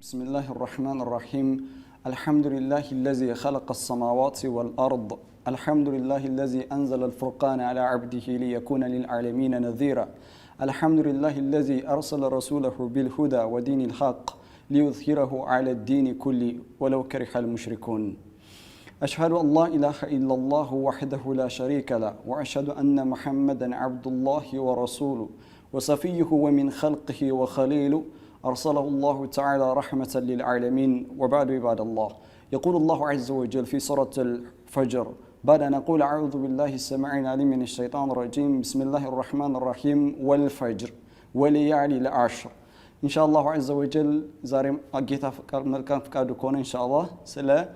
بسم الله الرحمن الرحيم الحمد لله الذي خلق السماوات والأرض الحمد لله الذي أنزل الفرقان على عبده ليكون للعالمين نذيرا الحمد لله الذي أرسل رسوله بالهدى ودين الحق ليظهره على الدين كل ولو كره المشركون أشهد أن لا إله إلا الله وحده لا شريك له وأشهد أن محمدا عبد الله ورسوله وصفيه ومن خلقه وخليله أرسله الله تعالى رحمة للعالمين وبعد عباد الله يقول الله عز وجل في سورة الفجر بعد أن أقول أعوذ بالله السميع العليم من الشيطان الرجيم بسم الله الرحمن الرحيم والفجر وليالي العشر إن شاء الله عز وجل زارم أجيتها فكار ملكان فكادو كون إن شاء الله سلام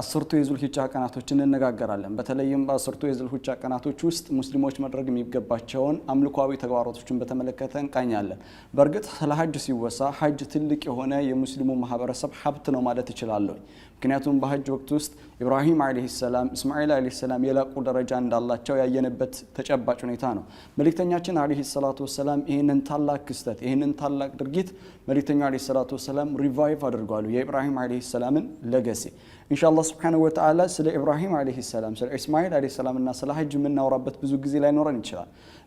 አስርቱ የዙልሂጃ ቀናቶች እንነጋገራለን። በተለይም በአስርቱ የዙልሂጃ ቀናቶች ውስጥ ሙስሊሞች መድረግ የሚገባቸውን አምልኳዊ ተግባራቶችን በተመለከተ እንቃኛለን። በእርግጥ ስለ ሀጅ ሲወሳ ሀጅ ትልቅ የሆነ የሙስሊሙ ማህበረሰብ ሀብት ነው ማለት እችላለሁ። ምክንያቱም በሀጅ ወቅት ውስጥ ኢብራሂም ዓለይሂ ሰላም፣ እስማኤል ዓለይሂ ሰላም የላቁ ደረጃ እንዳላቸው ያየንበት ተጨባጭ ሁኔታ ነው። መልእክተኛችን ዓለይሂ ሰላቱ ወሰላም ይህንን ታላቅ ክስተት ይህንን ታላቅ ድርጊት መልእክተኛው ዓለይሂ ሰላቱ ወሰላም ሪቫይቭ አድርጓሉ የኢብራሂም ዓለይሂ ሰላምን ለገሴ እንሻ አላህ ስብሓነሁ ወተዓላ ስለ ኢብራሂም ዓለይሂ ሰላም ስለ ኢስማኤል ዓለይሂ ሰላም እና ስለ ሀጅ የምናወራበት ብዙ ጊዜ ላይኖረን ይችላል።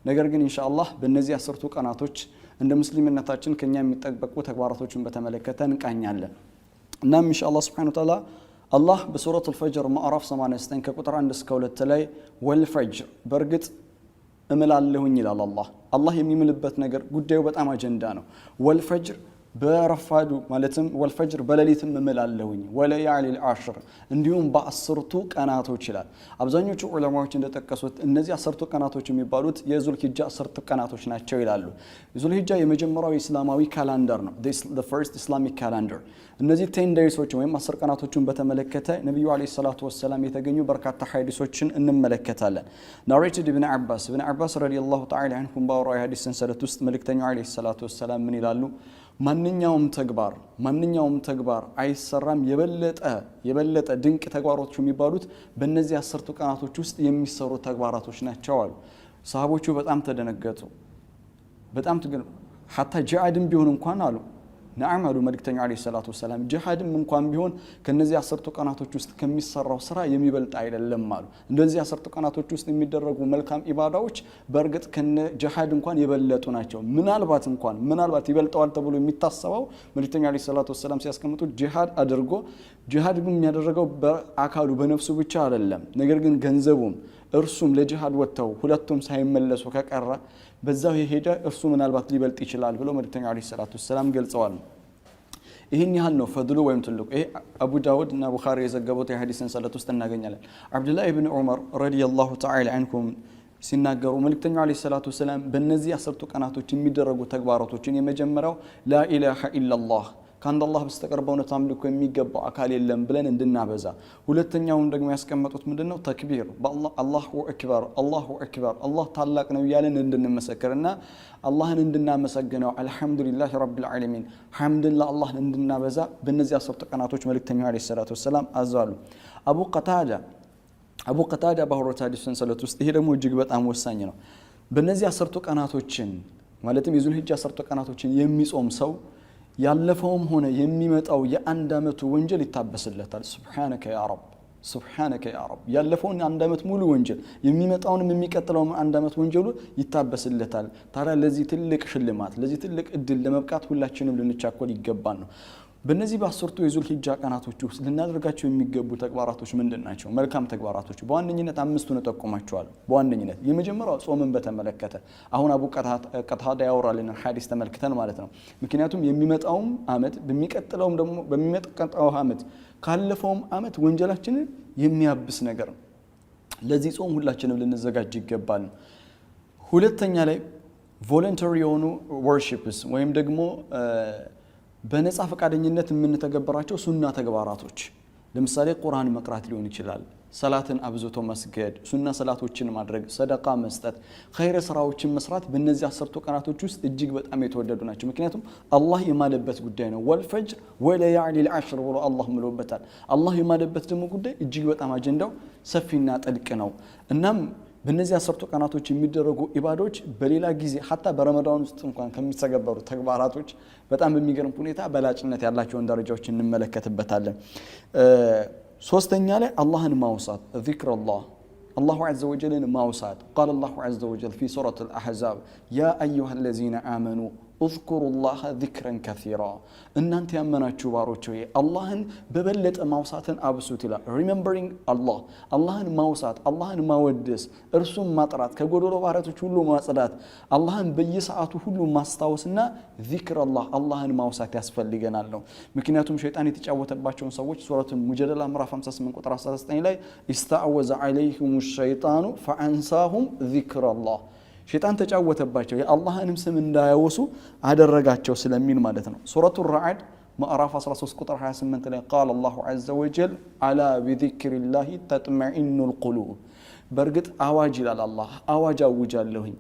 ነገር ግን እንሻ አላህ በእነዚህ አስርቱ ቀናቶች እንደ ሙስሊምነታችን ከኛ የሚጠበቁ ተግባራቶችን በተመለከተ እንቃኛለን። እናም እንሻ አላህ ስብሓነሁ ወተዓላ አላህ በሱረት አልፈጅር ማዕራፍ 89 ከቁጥር 1 እስከ 2 ላይ ወልፈጅር በእርግጥ እምላለሁኝ ይላል አላህ። አላህ የሚምልበት ነገር ጉዳዩ በጣም አጀንዳ ነው። ወልፈጅር በረፋዱ ማለትም ወልፈጅር በሌሊትም እምላለሁኝ ወለያሊል አሽር እንዲሁም በአስርቱ ቀናቶች ይላል። አብዛኞቹ ዑለማዎች እንደጠቀሱት እነዚህ አስርቱ ቀናቶች የሚባሉት የዙልሂጃ አስርቱ ቀናቶች ናቸው ይላሉ። ዙልሂጃ የመጀመሪያው የእስላማዊ ካላንደር ነው፣ ፈርስት ኢስላሚክ ካላንደር። እነዚህ ቴን ደይሶች ወይም አስር ቀናቶችን በተመለከተ ነቢዩ ዓለይሂ ሰላቱ ወሰላም የተገኙ በርካታ ሀዲሶችን እንመለከታለን። ናሬትድ ብን አባስ ብን አባስ ረዲየላሁ ተዓላ አንሁም ባወራው የሐዲስ ሰንሰለት ውስጥ መልእክተኛው ዓለይሂ ሰላቱ ወሰላም ምን ይላሉ? ማንኛውም ተግባር ማንኛውም ተግባር አይሰራም የበለጠ የበለጠ ድንቅ ተግባሮች የሚባሉት በእነዚህ አስርቱ ቀናቶች ውስጥ የሚሰሩ ተግባራቶች ናቸው አሉ። ሰሃቦቹ በጣም ተደነገጡ። በጣም ሀታ ጃአድን ቢሆን እንኳን አሉ ነዓም አሉ መልእክተኛው ዓለይሂ ሰላቱ ወሰላም ጅሃድም እንኳን ቢሆን ከነዚህ አስርቱ ቀናቶች ውስጥ ከሚሰራው ስራ የሚበልጥ አይደለም አሉ። እንደዚህ አስርቱ ቀናቶች ውስጥ የሚደረጉ መልካም ኢባዳዎች በእርግጥ ከነ ጅሃድ እንኳን የበለጡ ናቸው። ምናልባት እንኳን ምናልባት ይበልጠዋል ተብሎ የሚታሰበው መልእክተኛው ዓለይሂ ሰላቱ ወሰላም ሲያስቀምጡ ጅሃድ አድርጎ ጅሃድ ግን የሚያደረገው በአካሉ በነፍሱ ብቻ አይደለም፣ ነገር ግን ገንዘቡም እርሱም ለጂሃድ ወጥተው ሁለቱም ሳይመለሱ ከቀረ በዛው የሄደ እርሱ ምናልባት ሊበልጥ ይችላል ብሎ መልክተኛው ዓለይሂ ሰላቱ ወሰላም ገልጸዋል። ይህን ያህል ነው ፈድሉ ወይም ትልቁ። ይሄ አቡ ዳውድ እና ቡኻሪ የዘገቡት የሀዲስ ሰንሰለት ውስጥ እናገኛለን። አብዱላህ ብን ዑመር ረዲየላሁ ተዓላ አንሁም ሲናገሩ መልክተኛው ዓለይሂ ሰላቱ ወሰላም በእነዚህ አስርቱ ቀናቶች የሚደረጉ ተግባራቶችን የመጀመሪያው ላኢላሃ ኢላላህ ከአንድ አላህ በስተቀር በእውነት አምልኮ የሚገባው አካል የለም ብለን እንድናበዛ። ሁለተኛውን ደግሞ ያስቀመጡት ምንድን ነው? ተክቢር አላሁ አክበር፣ አላሁ አክበር፣ አላህ ታላቅ ነው እያለን እንድንመሰክር እና አላህን እንድናመሰግነው አልሐምዱሊላህ ረብል ዓለሚን ሐምድን ለአላህን እንድናበዛ በእነዚህ አስርት ቀናቶች መልእክተኛው ዓለይሂ ሰላቱ ወሰላም አዛሉ። አቡ ቀታዳ አቡ ቀታዳ ባህሮት ሐዲስ ሰንሰለት ውስጥ ይሄ ደግሞ እጅግ በጣም ወሳኝ ነው። በእነዚህ አስርቱ ቀናቶችን ማለትም የዙልሂጃ አስርቱ ቀናቶችን የሚጾም ሰው ያለፈውም ሆነ የሚመጣው የአንድ ዓመቱ ወንጀል ይታበስለታል። ሱብሓነከ ያ ረብ ሱብሓነከ ያ ረብ። ያለፈውን አንድ ዓመት ሙሉ ወንጀል የሚመጣውንም የሚቀጥለውም አንድ ዓመት ወንጀሉ ይታበስለታል። ታዲያ ለዚህ ትልቅ ሽልማት ለዚህ ትልቅ እድል ለመብቃት ሁላችንም ልንቻኮል ይገባል ነው በእነዚህ በአስርቱ የዙል ሂጃ ቀናቶች ውስጥ ልናደርጋቸው የሚገቡ ተግባራቶች ምንድን ናቸው? መልካም ተግባራቶች በዋነኝነት አምስቱን ጠቁማቸዋል በዋነኝነት የመጀመሪያው ጾምን በተመለከተ አሁን አቡ ቀታዳ ያወራልን ሀዲስ ተመልክተን ማለት ነው። ምክንያቱም የሚመጣውም አመት በሚቀጥለውም ደግሞ በሚመጣው አመት ካለፈውም አመት ወንጀላችንን የሚያብስ ነገር ነው። ለዚህ ጾም ሁላችንም ልንዘጋጅ ይገባል። ሁለተኛ ላይ ቮለንተሪ የሆኑ ወርሺፕስ ወይም ደግሞ በነፃ ፈቃደኝነት የምንተገበራቸው ሱና ተግባራቶች ለምሳሌ ቁርአን መቅራት ሊሆን ይችላል፣ ሰላትን አብዝቶ መስገድ፣ ሱና ሰላቶችን ማድረግ፣ ሰደቃ መስጠት፣ ኸይረ ስራዎችን መስራት በእነዚህ አሰርቶ ቀናቶች ውስጥ እጅግ በጣም የተወደዱ ናቸው። ምክንያቱም አላህ የማለበት ጉዳይ ነው። ወልፈጅር ወለያዕሊ ልአሽር ብሎ አላህ ምሎበታል። አላህ የማለበት ደግሞ ጉዳይ እጅግ በጣም አጀንዳው ሰፊና ጥልቅ ነው። እናም በእነዚህ አስርቱ ቀናቶች የሚደረጉ ኢባዶች በሌላ ጊዜ ሀታ በረመዳን ውስጥ እንኳን ከሚተገበሩ ተግባራቶች በጣም በሚገርም ሁኔታ በላጭነት ያላቸውን ደረጃዎች እንመለከትበታለን። ሶስተኛ ላይ አላህን ማውሳት ዚክረላህ አላሁ ዐዘ ወጀልን ማውሳት ቃለ አላሁ ዐዘ ወጀል ፊ ሱረት አልአሕዛብ ያ አዩሃ አለዚነ አመኑ እዝኩሩላህ ዚክረን ከራ እናንተ ያመናችሁ ባሮች ሆይ አላህን በበለጠ ማውሳትን አብሱት ይላል። ሪሜምበሪንግ አላህ አላህን ማውሳት፣ አላህን ማወደስ፣ እርሱን ማጥራት፣ ከጎደሎ ባህሪያቶች ሁሉ ማጽዳት፣ አላህን በየሰዓቱ ሁሉ ማስታወስና ዚክረላህ አላህን ማውሳት ያስፈልገናል ነው። ምክንያቱም ሸይጣን የተጫወተባቸውን ሰዎች ሱረቱን ሙጀደላ ምዕራፍ 58 ቁጥር 19 ላይ ኢስተዕወዘ ዐለይሂሙ ሸይጣኑ ፈአንሳሁም ዚክረላህ ሸይጣን ተጫወተባቸው የአላህንም ስም እንዳያወሱ አደረጋቸው ስለሚል ማለት ነው ሱረቱ ረዓድ ምዕራፍ 13 ቁጥር 28 ላይ ቃል አላሁ ዘ ወጀል አላ ቢዚክር ላህ ተጥመዒኑ ልቁሉብ በእርግጥ አዋጅ ይላል አላህ አዋጅ አውጃለሁኝ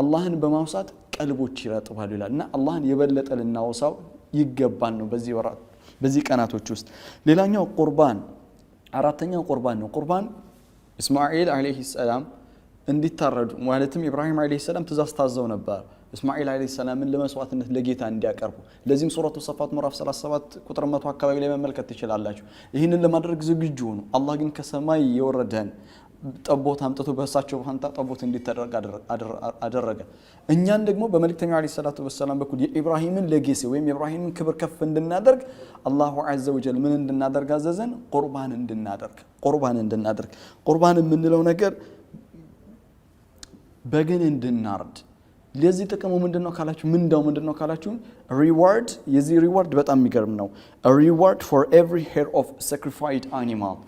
አላህን በማውሳት ቀልቦች ይረጥባሉ ይላል እና አላህን የበለጠ ልናወሳው ይገባል ነው በዚህ ወራት በዚህ ቀናቶች ውስጥ ሌላኛው ቁርባን አራተኛው ቁርባን ነው ቁርባን እስማኤል አለይህ ሰላም እንዲታረዱ ማለትም ኢብራሂም ዓለይሂ ሰላም ትእዛዝ ታዘው ነበር እስማኤል ዓለይሂ ሰላምን ለመስዋዕትነት ለጌታ እንዲያቀርቡ። ለዚህም ሱረቱ ሰፋት ምዕራፍ 37 ቁጥር መቶ አካባቢ ላይ መመልከት ትችላላችሁ። ይህንን ለማድረግ ዝግጁ ሆኑ። አላህ ግን ከሰማይ የወረደን ጠቦት አምጥቶ በእሳቸው ፋንታ ጠቦት እንዲተደረግ አደረገ። እኛን ደግሞ በመልክተኛው ዓለይሂ ሰላቱ ወሰላም በኩል የኢብራሂምን ሌጌሲ ወይም የኢብራሂምን ክብር ከፍ እንድናደርግ አላሁ ዐዘ ወጀል ምን እንድናደርግ አዘዘን? ቁርባን እንድናደርግ ቁርባን እንድናደርግ ቁርባን የምንለው ነገር በግን እንድናርድ ለዚህ ጥቅሙ ምንድን ነው ካላችሁ፣ ምንዳው ምንድን ነው ካላችሁ፣ ሪዋርድ የዚህ ሪዋርድ በጣም የሚገርም ነው። ሪዋርድ ፎር ኤቭሪ ሄር ኦፍ ሳክሪፋይድ አኒማል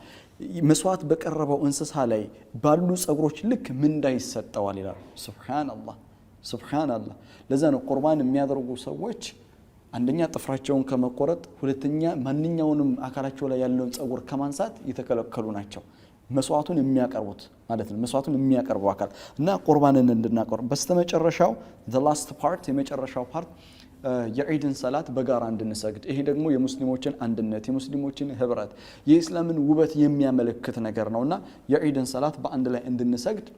መስዋዕት በቀረበው እንስሳ ላይ ባሉ ጸጉሮች ልክ ምንዳ ይሰጠዋል ይላል። ሱብሓነላህ ሱብሓነላህ። ለዛ ነው ቁርባን የሚያደርጉ ሰዎች አንደኛ ጥፍራቸውን ከመቆረጥ፣ ሁለተኛ ማንኛውንም አካላቸው ላይ ያለውን ጸጉር ከማንሳት የተከለከሉ ናቸው። መስዋዕቱን የሚያቀርቡት ማለት ነው። መስዋዕቱን የሚያቀርቡ አካል እና ቁርባንን እንድናቀርብ በስተመጨረሻው ዘ ላስት ፓርት የመጨረሻው ፓርት የዒድን ሰላት በጋራ እንድንሰግድ ይሄ ደግሞ የሙስሊሞችን አንድነት የሙስሊሞችን ህብረት የኢስላምን ውበት የሚያመለክት ነገር ነው እና የዒድን ሰላት በአንድ ላይ እንድንሰግድ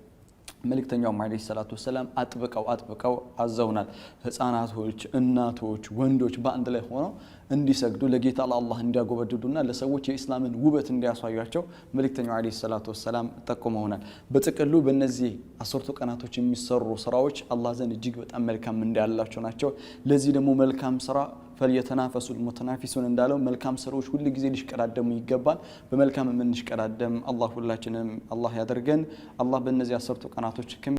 መልእክተኛው ዓለይሂ ሰላቱ ወሰላም አጥብቀው አጥብቀው አዘውናል። ህፃናቶች፣ እናቶች፣ ወንዶች በአንድ ላይ ሆነው እንዲሰግዱ ለጌታ ለአላህ እንዲያጎበድዱና ለሰዎች የኢስላምን ውበት እንዲያሳያቸው መልእክተኛው ዓለይሂ ሰላቱ ወሰላም ጠቁመውናል። በጥቅሉ በእነዚህ አስርቱ ቀናቶች የሚሰሩ ስራዎች አላህ ዘንድ እጅግ በጣም መልካም እንዳላቸው ናቸው። ለዚህ ደግሞ መልካም ስራ ፈልየተናፈሱ ልሙተናፊሱን እንዳለው መልካም ስራዎች ሁል ጊዜ ሊሽቀዳደሙ ይገባል። በመልካም የምንሽቀዳደም አላህ ሁላችንም አላህ ያደርገን። አላህ በእነዚህ አስርቱ ቀናቶች